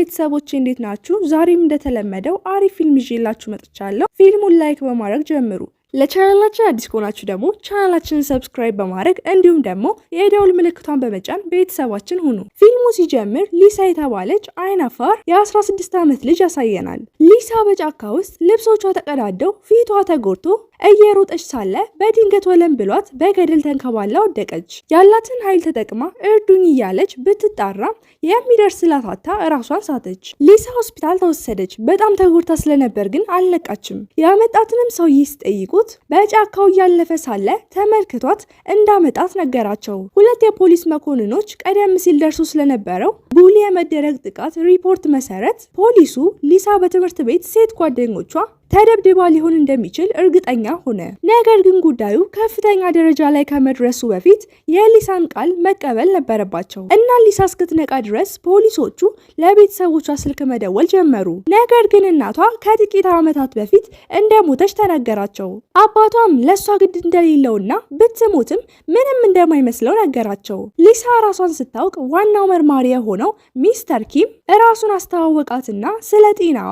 ቤተሰቦች እንዴት ናችሁ? ዛሬም እንደተለመደው አሪፍ ፊልም ይዤላችሁ መጥቻለሁ። ፊልሙን ላይክ በማድረግ ጀምሩ። ለቻናላችን አዲስ ከሆናችሁ ደግሞ ቻናላችንን ሰብስክራይብ በማድረግ እንዲሁም ደግሞ የደውል ምልክቷን በመጫን ቤተሰባችን ሁኑ። ፊልሙ ሲጀምር ሊሳ የተባለች አይናፋር የ16 ዓመት ልጅ ያሳየናል። ሊሳ በጫካ ውስጥ ልብሶቿ ተቀዳደው ፊቷ ተጎድቶ እየሮጠች ሳለ በድንገት ወለም ብሏት በገደል ተንከባላ ወደቀች። ያላትን ኃይል ተጠቅማ እርዱኝ እያለች ብትጣራ የሚደርስ ላታታ ራሷን ሳተች። ሊሳ ሆስፒታል ተወሰደች። በጣም ተጎድታ ስለነበር ግን አልለቃችም። ያመጣትንም ሰውዬ ስጠይቁት በጫካው እያለፈ ሳለ ተመልክቷት እንዳመጣት ነገራቸው። ሁለት የፖሊስ መኮንኖች ቀደም ሲል ደርሶ ስለነበረው ቡሊ የመደረግ ጥቃት ሪፖርት መሰረት ፖሊሱ ሊሳ በትምህርት ቤት ሴት ጓደኞቿ ተደብድባ ሊሆን እንደሚችል እርግጠኛ ሆነ። ነገር ግን ጉዳዩ ከፍተኛ ደረጃ ላይ ከመድረሱ በፊት የሊሳን ቃል መቀበል ነበረባቸው እና ሊሳ እስክትነቃ ድረስ ፖሊሶቹ ለቤተሰቦቿ ስልክ መደወል ጀመሩ። ነገር ግን እናቷ ከጥቂት ዓመታት በፊት እንደሞተች ተነገራቸው። አባቷም ለእሷ ግድ እንደሌለውና ብትሞትም ምንም እንደማይመስለው ነገራቸው። ሊሳ ራሷን ስታውቅ ዋናው መርማሪ የሆነው ሚስተር ኪም ራሱን አስተዋወቃትና ስለ ጤናዋ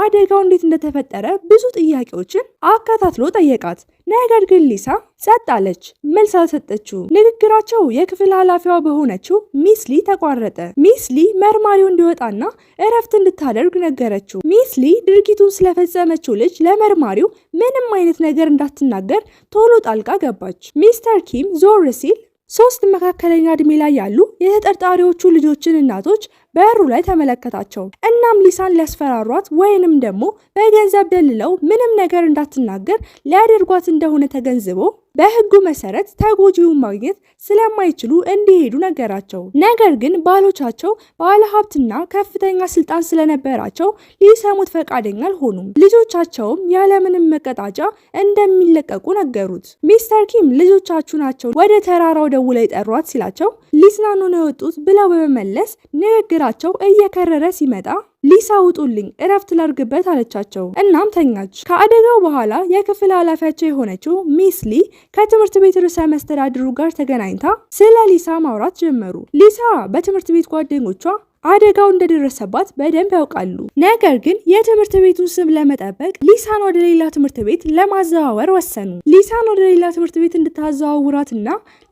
አደጋው እንዴት እንደተፈጠረ ብዙ ጥያቄዎችን አከታትሎ ጠየቃት። ነገር ግን ሊሳ ጸጥ አለች፣ መልስ አልሰጠችው። ንግግራቸው የክፍል ኃላፊዋ በሆነችው ሚስሊ ተቋረጠ። ሚስሊ መርማሪው እንዲወጣና እረፍት እንድታደርግ ነገረችው። ሚስሊ ድርጊቱን ስለፈጸመችው ልጅ ለመርማሪው ምንም አይነት ነገር እንዳትናገር ቶሎ ጣልቃ ገባች። ሚስተር ኪም ዞር ሲል ሶስት መካከለኛ እድሜ ላይ ያሉ የተጠርጣሪዎቹ ልጆችን እናቶች በሩ ላይ ተመለከታቸው። እናም ሊሳን ሊያስፈራሯት ወይንም ደግሞ በገንዘብ ደልለው ምንም ነገር እንዳትናገር ሊያደርጓት እንደሆነ ተገንዝቦ በህጉ መሰረት ተጎጂውን ማግኘት ስለማይችሉ እንዲሄዱ ነገራቸው። ነገር ግን ባሎቻቸው ባለሀብትና ከፍተኛ ስልጣን ስለነበራቸው ሊሰሙት ፈቃደኛ አልሆኑም። ልጆቻቸውም ያለምንም መቀጣጫ እንደሚለቀቁ ነገሩት። ሚስተር ኪም ልጆቻችሁ ናቸው ወደ ተራራው ደውለው የጠሯት ሲላቸው ሊዝናኑ ነው የወጡት ብለው በመመለስ ንግግራቸው እየከረረ ሲመጣ ሊሳ ውጡልኝ፣ እረፍት ላርግበት አለቻቸው። እናም ተኛች። ከአደጋው በኋላ የክፍል ኃላፊያቸው የሆነችው ሚስ ሊ ከትምህርት ቤት ርዕሰ መስተዳድሩ ጋር ተገናኝታ ስለ ሊሳ ማውራት ጀመሩ። ሊሳ በትምህርት ቤት ጓደኞቿ አደጋው እንደደረሰባት በደንብ ያውቃሉ። ነገር ግን የትምህርት ቤቱን ስም ለመጠበቅ ሊሳን ወደ ሌላ ትምህርት ቤት ለማዘዋወር ወሰኑ። ሊሳን ወደ ሌላ ትምህርት ቤት እንድታዘዋውራትና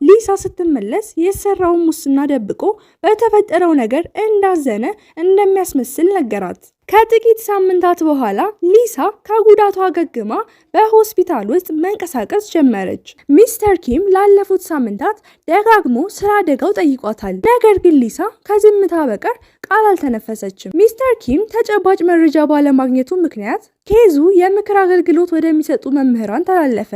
ሊሳ ስትመለስ የሰራውን ሙስና ደብቆ በተፈጠረው ነገር እንዳዘነ እንደሚያስመስል ነገራት። ከጥቂት ሳምንታት በኋላ ሊሳ ከጉዳቷ አገግማ በሆስፒታል ውስጥ መንቀሳቀስ ጀመረች። ሚስተር ኪም ላለፉት ሳምንታት ደጋግሞ ስራ አደጋው ጠይቋታል። ነገር ግን ሊሳ ከዝምታ በቀር ቃል አልተነፈሰችም። ሚስተር ኪም ተጨባጭ መረጃ ባለማግኘቱ ምክንያት ኬዙ የምክር አገልግሎት ወደሚሰጡ መምህራን ተላለፈ።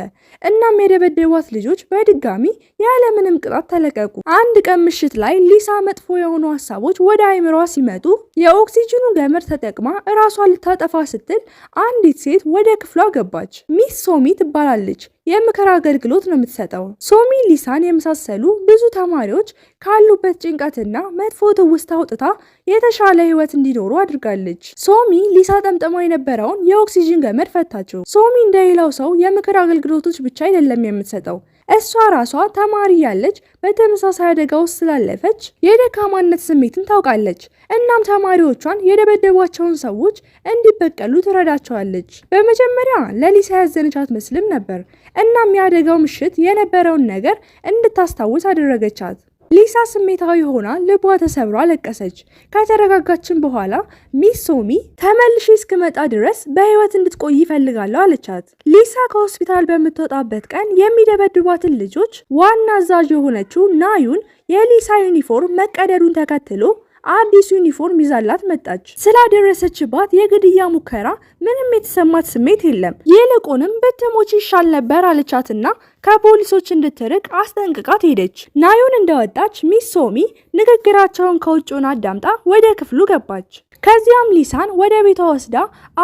እናም የደበደቧት ልጆች በድጋሚ ያለምንም ቅጣት ተለቀቁ። አንድ ቀን ምሽት ላይ ሊሳ መጥፎ የሆኑ ሀሳቦች ወደ አይምሯ ሲመጡ የኦክሲጅኑ ገመድ ተጠቅማ እራሷን ልታጠፋ ስትል አንዲት ሴት ወደ ክፍሏ ገባች። ሚስ ሶሚ ትባላለች። የምክር አገልግሎት ነው የምትሰጠው። ሶሚ ሊሳን የመሳሰሉ ብዙ ተማሪዎች ካሉበት ጭንቀትና መጥፎ ትውስታ አውጥታ የተሻለ ህይወት እንዲኖሩ አድርጋለች። ሶሚ ሊሳ ጠምጥማ የነበረውን የኦክሲጅን ገመድ ፈታችው። ሶሚ እንደሌላው ሰው የምክር አገልግሎቶች ብቻ አይደለም የምትሰጠው እሷ ራሷ ተማሪ ያለች በተመሳሳይ አደጋ ውስጥ ስላለፈች የደካማነት ስሜትን ታውቃለች። እናም ተማሪዎቿን የደበደቧቸውን ሰዎች እንዲበቀሉ ትረዳቸዋለች። በመጀመሪያ ለሊሳ ያዘነች አትመስልም ነበር። እናም የአደጋው ምሽት የነበረውን ነገር እንድታስታውስ አደረገቻት። ሊሳ ስሜታዊ ሆና ልቧ ተሰብሮ አለቀሰች። ከተረጋጋችን በኋላ ሚስ ሶሚ ተመልሼ እስክመጣ ድረስ በህይወት እንድትቆይ ይፈልጋለሁ አለቻት። ሊሳ ከሆስፒታል በምትወጣበት ቀን የሚደበድቧትን ልጆች ዋና አዛዥ የሆነችው ናዩን የሊሳ ዩኒፎርም መቀደዱን ተከትሎ አዲስ ዩኒፎርም ይዛላት መጣች። ስላደረሰችባት የግድያ ሙከራ ምንም የተሰማት ስሜት የለም። ይልቁንም ብትሞች ይሻል ነበር አለቻትና ከፖሊሶች እንድትርቅ አስጠንቅቃት ሄደች። ናዩን እንደወጣች ሚስ ሶሚ ንግግራቸውን ከውጭውን አዳምጣ ወደ ክፍሉ ገባች። ከዚያም ሊሳን ወደ ቤቷ ወስዳ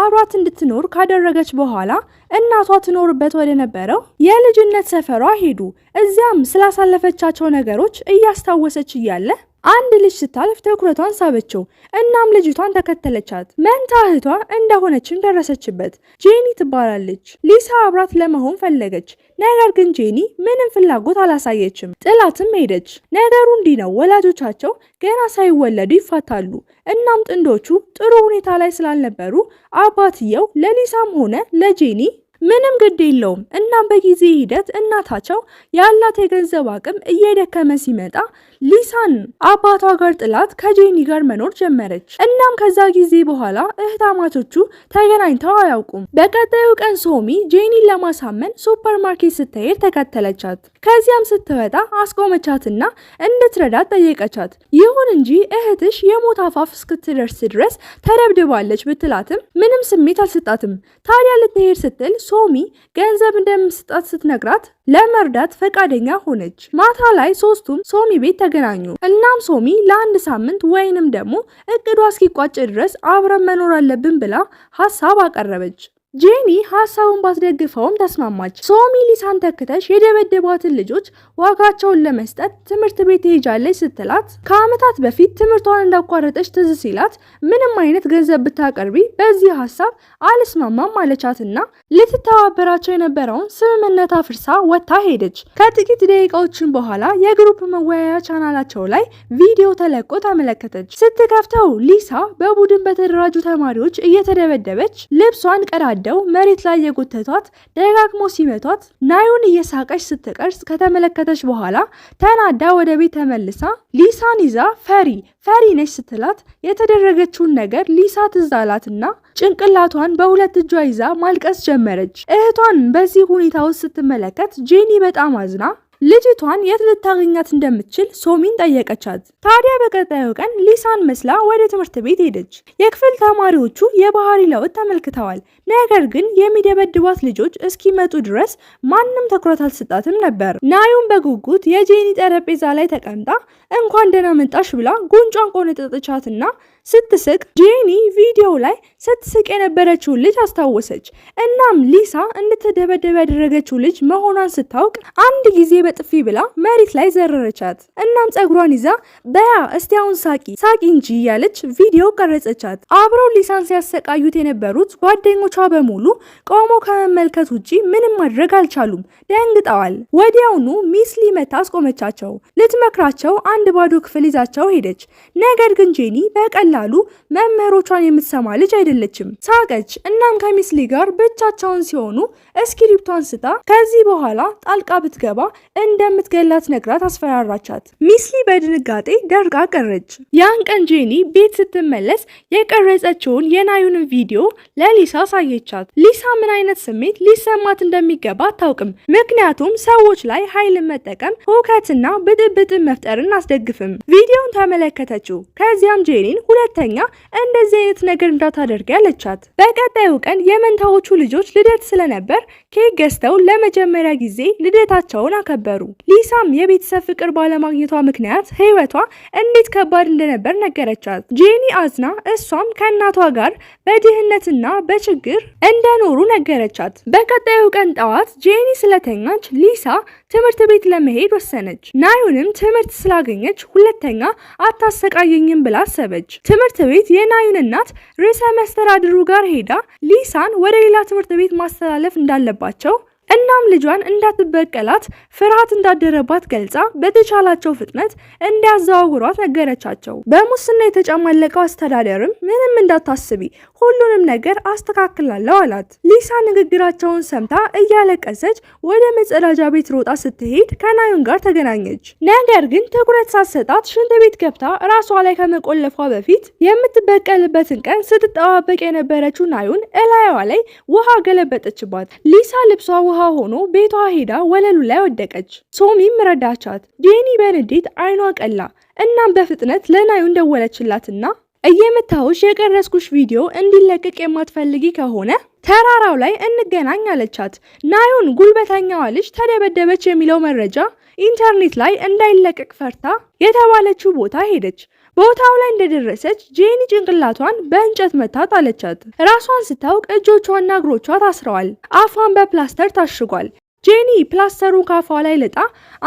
አብሯት እንድትኖር ካደረገች በኋላ እናቷ ትኖርበት ወደ ነበረው የልጅነት ሰፈሯ ሄዱ። እዚያም ስላሳለፈቻቸው ነገሮች እያስታወሰች እያለ አንድ ልጅ ስታልፍ ትኩረቷን ሳበችው። እናም ልጅቷን ተከተለቻት። መንታ እህቷ እንደሆነችም ደረሰችበት። ጄኒ ትባላለች። ሊሳ አብራት ለመሆን ፈለገች። ነገር ግን ጄኒ ምንም ፍላጎት አላሳየችም፣ ጥላትም ሄደች። ነገሩ እንዲህ ነው። ወላጆቻቸው ገና ሳይወለዱ ይፋታሉ። እናም ጥንዶቹ ጥሩ ሁኔታ ላይ ስላልነበሩ አባትየው ለሊሳም ሆነ ለጄኒ ምንም ግድ የለውም። እናም በጊዜ ሂደት እናታቸው ያላት የገንዘብ አቅም እየደከመ ሲመጣ ሊሳን አባቷ ጋር ጥላት ከጄኒ ጋር መኖር ጀመረች። እናም ከዛ ጊዜ በኋላ እህታማቶቹ ተገናኝተው አያውቁም። በቀጣዩ ቀን ሶሚ ጄኒን ለማሳመን ሱፐርማርኬት ስትሄድ ተከተለቻት። ከዚያም ስትወጣ አስቆመቻትና እንድትረዳት ጠየቀቻት። ይሁን እንጂ እህትሽ የሞት አፋፍ እስክትደርስ ድረስ ተደብድባለች ብትላትም ምንም ስሜት አልሰጣትም። ታዲያ ልትሄድ ስትል ሶሚ ገንዘብ እንደምስጣት ስትነግራት ለመርዳት ፈቃደኛ ሆነች። ማታ ላይ ሶስቱም ሶሚ ቤት ተገናኙ። እናም ሶሚ ለአንድ ሳምንት ወይንም ደግሞ እቅዷ እስኪቋጭ ድረስ አብረን መኖር አለብን ብላ ሀሳብ አቀረበች። ጄኒ ሀሳቡን ባትደግፈውም ተስማማች። ሶሚ ሊሳን ተክተሽ የደበደቧትን ልጆች ዋጋቸውን ለመስጠት ትምህርት ቤት ትሄጃለች ስትላት ከዓመታት በፊት ትምህርቷን እንዳቋረጠች ትዝ ሲላት ምንም አይነት ገንዘብ ብታቀርቢ በዚህ ሀሳብ አልስማማም ማለቻትና ልትተባበራቸው የነበረውን ስምምነት አፍርሳ ወጥታ ሄደች። ከጥቂት ደቂቃዎችን በኋላ የግሩፕ መወያያ ቻናላቸው ላይ ቪዲዮ ተለቆ ተመለከተች። ስትከፍተው ሊሳ በቡድን በተደራጁ ተማሪዎች እየተደበደበች ልብሷን ቀዳል እያሳደው መሬት ላይ የጎተቷት ደጋግሞ ሲመቷት ናዩን እየሳቀች ስትቀርጽ ከተመለከተች በኋላ ተናዳ ወደ ቤት ተመልሳ ሊሳን ይዛ ፈሪ ፈሪ ነች ስትላት የተደረገችውን ነገር ሊሳ ትዛላትና ጭንቅላቷን በሁለት እጇ ይዛ ማልቀስ ጀመረች። እህቷን በዚህ ሁኔታ ውስጥ ስትመለከት ጄኒ በጣም አዝና ልጅቷን የት ልታገኛት እንደምትችል ሶሚን ጠየቀቻት። ታዲያ በቀጣዩ ቀን ሊሳን መስላ ወደ ትምህርት ቤት ሄደች። የክፍል ተማሪዎቹ የባህሪ ለውጥ ተመልክተዋል። ነገር ግን የሚደበድቧት ልጆች እስኪመጡ ድረስ ማንም ትኩረት አልሰጣትም ነበር። ናዩም በጉጉት የጄኒ ጠረጴዛ ላይ ተቀምጣ እንኳን ደህና መጣሽ ብላ ጉንጯን ቆነጠጠቻትና ስትስቅ ጄኒ ቪዲዮ ላይ ስትስቅ የነበረችውን ልጅ አስታወሰች። እናም ሊሳ እንድትደበደብ ያደረገችው ልጅ መሆኗን ስታውቅ አንድ ጊዜ በጥፊ ብላ መሬት ላይ ዘረረቻት። እናም ጸጉሯን ይዛ በያ እስቲ አሁን ሳቂ ሳቂ እንጂ እያለች ቪዲዮ ቀረጸቻት። አብረው ሊሳን ሲያሰቃዩት የነበሩት ጓደኞቿ በሙሉ ቆመው ከመመልከት ውጪ ምንም ማድረግ አልቻሉም። ደንግጠዋል። ወዲያውኑ ሚስ ሊመታ አስቆመቻቸው። ልትመክራቸው አንድ ባዶ ክፍል ይዛቸው ሄደች። ነገር ግን ጄኒ በቀላሉ መምህሮቿን የምትሰማ ልጅ አይደለችም። ሳቀች። እናም ከሚስሊ ጋር ብቻቸውን ሲሆኑ እስክሪፕቷን ስታ ከዚህ በኋላ ጣልቃ ብትገባ እንደምትገላት ነግራት አስፈራራቻት። ሚስሊ በድንጋጤ ደርቃ ቀረች። ያን ቀን ጄኒ ቤት ስትመለስ የቀረጸችውን የናዩንን ቪዲዮ ለሊሳ ሳየቻት። ሊሳ ምን አይነት ስሜት ሊሰማት እንደሚገባ አታውቅም። ምክንያቱም ሰዎች ላይ ኃይልን መጠቀም ሁከትና ብጥብጥን መፍጠርን አስደግፍም። ቪዲዮን ተመለከተችው። ከዚያም ጄኒን ሁለተኛ እንደዚህ አይነት ነገር እንዳታደርግ ያለቻት። በቀጣዩ ቀን የመንታዎቹ ልጆች ልደት ስለነበር ኬክ ገዝተው ለመጀመሪያ ጊዜ ልደታቸውን አከበ ነበሩ። ሊሳም የቤተሰብ ፍቅር ባለማግኘቷ ምክንያት ህይወቷ እንዴት ከባድ እንደነበር ነገረቻት። ጄኒ አዝና እሷም ከእናቷ ጋር በድህነትና በችግር እንደኖሩ ነገረቻት። በቀጣዩ ቀን ጠዋት ጄኒ ስለተኛች ሊሳ ትምህርት ቤት ለመሄድ ወሰነች። ናዩንም ትምህርት ስላገኘች ሁለተኛ አታሰቃየኝም ብላ አሰበች። ትምህርት ቤት የናዩን እናት ርዕሰ መስተዳድሩ ጋር ሄዳ ሊሳን ወደ ሌላ ትምህርት ቤት ማስተላለፍ እንዳለባቸው እናም ልጇን እንዳትበቀላት ፍርሃት እንዳደረባት ገልጻ በተቻላቸው ፍጥነት እንዲያዘዋውሯት ነገረቻቸው። በሙስና የተጨማለቀው አስተዳደርም ምንም እንዳታስቢ ሁሉንም ነገር አስተካክላለሁ አላት። ሊሳ ንግግራቸውን ሰምታ እያለቀሰች ወደ መጸዳጃ ቤት ሮጣ ስትሄድ ከናዩን ጋር ተገናኘች። ነገር ግን ትኩረት ሳሰጣት ሽንት ቤት ገብታ ራሷ ላይ ከመቆለፏ በፊት የምትበቀልበትን ቀን ስትጠባበቅ የነበረችው ናዩን እላያዋ ላይ ውሃ ገለበጠችባት። ሊሳ ልብሷ ውሃ ውሃ ሆኖ ቤቷ ሄዳ ወለሉ ላይ ወደቀች። ሶሚም ረዳቻት። ጄኒ በንዴት አይኗ ቀላ። እናም በፍጥነት ለናዩ እንደወለችላትና እየመታሁሽ የቀረስኩሽ ቪዲዮ እንዲለቀቅ የማትፈልጊ ከሆነ ተራራው ላይ እንገናኝ አለቻት። ናዩን ጉልበተኛዋ ልጅ ተደበደበች የሚለው መረጃ ኢንተርኔት ላይ እንዳይለቀቅ ፈርታ የተባለችው ቦታ ሄደች። ቦታው ላይ እንደደረሰች ጄኒ ጭንቅላቷን በእንጨት መታት አለቻት። ራሷን ስታውቅ እጆቿና እግሮቿ ታስረዋል። አፏን በፕላስተር ታሽጓል። ጄኒ ፕላስተሩን ካፏ ላይ ለጣ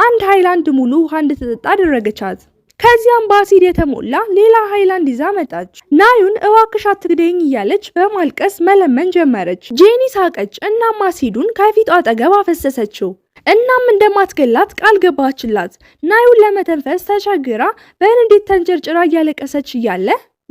አንድ ሃይላንድ ሙሉ ውሃ እንድትጠጣ አደረገቻት። ከዚያም በአሲድ የተሞላ ሌላ ሃይላንድ ይዛ መጣች። ናዩን እዋክሽ አትግደኝ እያለች በማልቀስ መለመን ጀመረች። ጄኒ ሳቀች። እናም አሲዱን ከፊቷ አጠገብ አፈሰሰችው። እናም እንደማትገላት ቃል ገባችላት። ናዩን ለመተንፈስ ተቸግራ በንዴት ተንጨርጭራ እያለቀሰች እያለ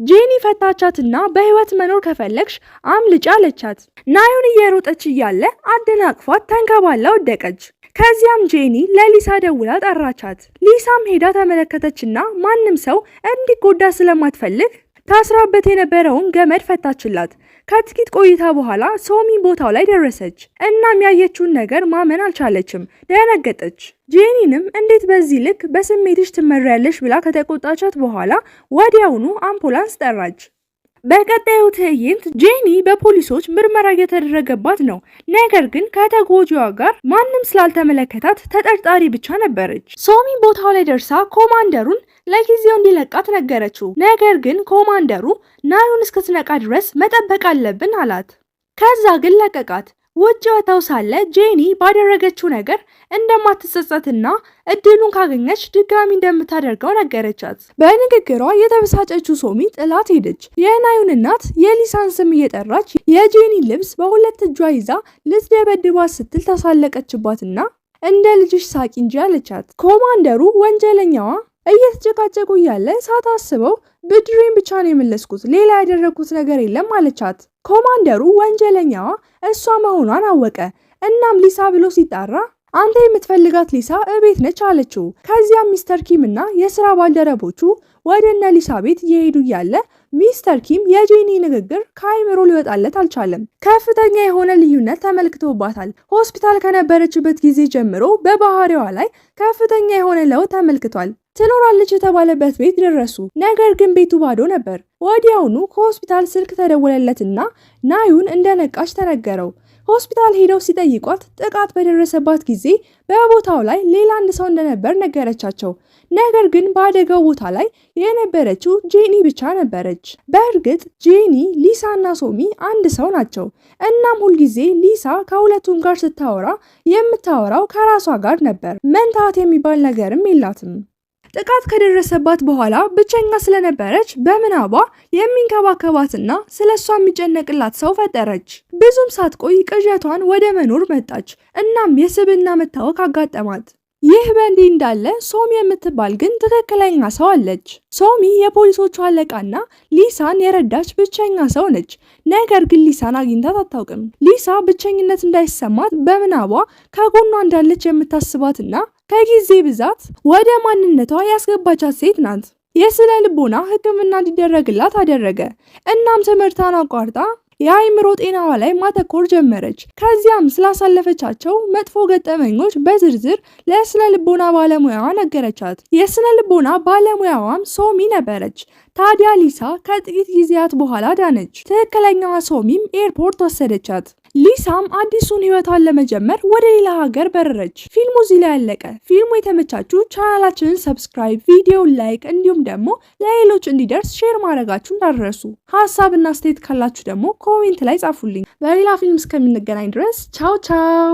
ጄኒ ፈታቻትና በህይወት መኖር ከፈለግሽ አምልጫ አለቻት። ናዩን እየሮጠች እያለ አደናቅፏት ተንከባላ ወደቀች። ከዚያም ጄኒ ለሊሳ ደውላ ጠራቻት። ሊሳም ሄዳ ተመለከተችና ማንም ሰው እንዲጎዳ ስለማትፈልግ ታስራበት የነበረውን ገመድ ፈታችላት። ከጥቂት ቆይታ በኋላ ሶሚ ቦታው ላይ ደረሰች። እናም ያየችውን ነገር ማመን አልቻለችም፣ ደነገጠች። ጄኒንም እንዴት በዚህ ልክ በስሜትሽ ትመሪያለሽ ብላ ከተቆጣቻት በኋላ ወዲያውኑ አምቡላንስ ጠራች። በቀጣዩ ትዕይንት ጄኒ በፖሊሶች ምርመራ እየተደረገባት ነው። ነገር ግን ከተጎጂዋ ጋር ማንም ስላልተመለከታት ተጠርጣሪ ብቻ ነበረች። ሶሚ ቦታው ላይ ደርሳ ኮማንደሩን ለጊዜው እንዲለቃት ነገረችው። ነገር ግን ኮማንደሩ ናዩን እስክትነቃ ድረስ መጠበቅ አለብን አላት። ከዛ ግን ለቀቃት። ውጭ ወተው ሳለ ጄኒ ባደረገችው ነገር እንደማትጸጸትና እድሉን ካገኘች ድጋሚ እንደምታደርገው ነገረቻት። በንግግሯ የተበሳጨችው ሶሚ ጥላት ሄደች። የናዩን እናት የሊሳን ስም እየጠራች የጄኒ ልብስ በሁለት እጇ ይዛ ልትደበድባት ስትል ታሳለቀችባትና እንደ ልጅሽ ሳቂ እንጂ አለቻት። ኮማንደሩ ወንጀለኛዋ እየተጨቃጨቁ እያለ ሳታስበው ብድሬን ብቻ ነው የመለስኩት፣ ሌላ ያደረግኩት ነገር የለም አለቻት። ኮማንደሩ ወንጀለኛዋ እሷ መሆኗን አወቀ። እናም ሊሳ ብሎ ሲጣራ አንተ የምትፈልጋት ሊሳ እቤት ነች አለችው። ከዚያም ሚስተር ኪም እና የስራ ባልደረቦቹ ወደ እነ ሊሳ ቤት እየሄዱ እያለ ሚስተር ኪም የጄኒ ንግግር ከአይምሮ ሊወጣለት አልቻለም። ከፍተኛ የሆነ ልዩነት ተመልክቶባታል። ሆስፒታል ከነበረችበት ጊዜ ጀምሮ በባህሪዋ ላይ ከፍተኛ የሆነ ለውጥ ተመልክቷል። ትኖራለች የተባለበት ቤት ደረሱ። ነገር ግን ቤቱ ባዶ ነበር። ወዲያውኑ ከሆስፒታል ስልክ ተደወለለትና ናዩን እንደነቃች ተነገረው። ሆስፒታል ሄደው ሲጠይቋት ጥቃት በደረሰባት ጊዜ በቦታው ላይ ሌላ አንድ ሰው እንደነበር ነገረቻቸው። ነገር ግን በአደጋው ቦታ ላይ የነበረችው ጄኒ ብቻ ነበረች። በእርግጥ ጄኒ፣ ሊሳ እና ሶሚ አንድ ሰው ናቸው። እናም ሁልጊዜ ሊሳ ከሁለቱም ጋር ስታወራ የምታወራው ከራሷ ጋር ነበር። መንታት የሚባል ነገርም የላትም። ጥቃት ከደረሰባት በኋላ ብቸኛ ስለነበረች በምናቧ የሚንከባከባትና ስለ እሷ የሚጨነቅላት ሰው ፈጠረች። ብዙም ሳትቆይ ቅዠቷን ወደ መኖር መጣች። እናም የስብና መታወክ አጋጠማት። ይህ በእንዲህ እንዳለ ሶሚ የምትባል ግን ትክክለኛ ሰው አለች። ሶሚ የፖሊሶቹ አለቃና ሊሳን የረዳች ብቸኛ ሰው ነች። ነገር ግን ሊሳን አግኝታት አታውቅም። ሊሳ ብቸኝነት እንዳይሰማት በምናቧ ከጎኗ እንዳለች የምታስባትና ከጊዜ ብዛት ወደ ማንነቷ ያስገባቻት ሴት ናት። የስነ ልቦና ሕክምና እንዲደረግላት አደረገ። እናም ትምህርቷን አቋርጣ የአእምሮ ጤናዋ ላይ ማተኮር ጀመረች። ከዚያም ስላሳለፈቻቸው መጥፎ ገጠመኞች በዝርዝር ለስነ ልቦና ባለሙያዋ ነገረቻት። የስነ ልቦና ባለሙያዋም ሶሚ ነበረች። ታዲያ ሊሳ ከጥቂት ጊዜያት በኋላ ዳነች። ትክክለኛዋ ሶሚም ኤርፖርት ወሰደቻት። ሊሳም አዲሱን ህይወቷን ለመጀመር ወደ ሌላ ሀገር በረረች። ፊልሙ እዚህ ላይ ያለቀ። ፊልሙ የተመቻችሁ ቻናላችንን ሰብስክራይብ፣ ቪዲዮ ላይክ፣ እንዲሁም ደግሞ ለሌሎች እንዲደርስ ሼር ማድረጋችሁ እንዳደረሱ ሀሳብና አስተያየት ካላችሁ ደግሞ ኮሜንት ላይ ጻፉልኝ። በሌላ ፊልም እስከምንገናኝ ድረስ ቻው ቻው።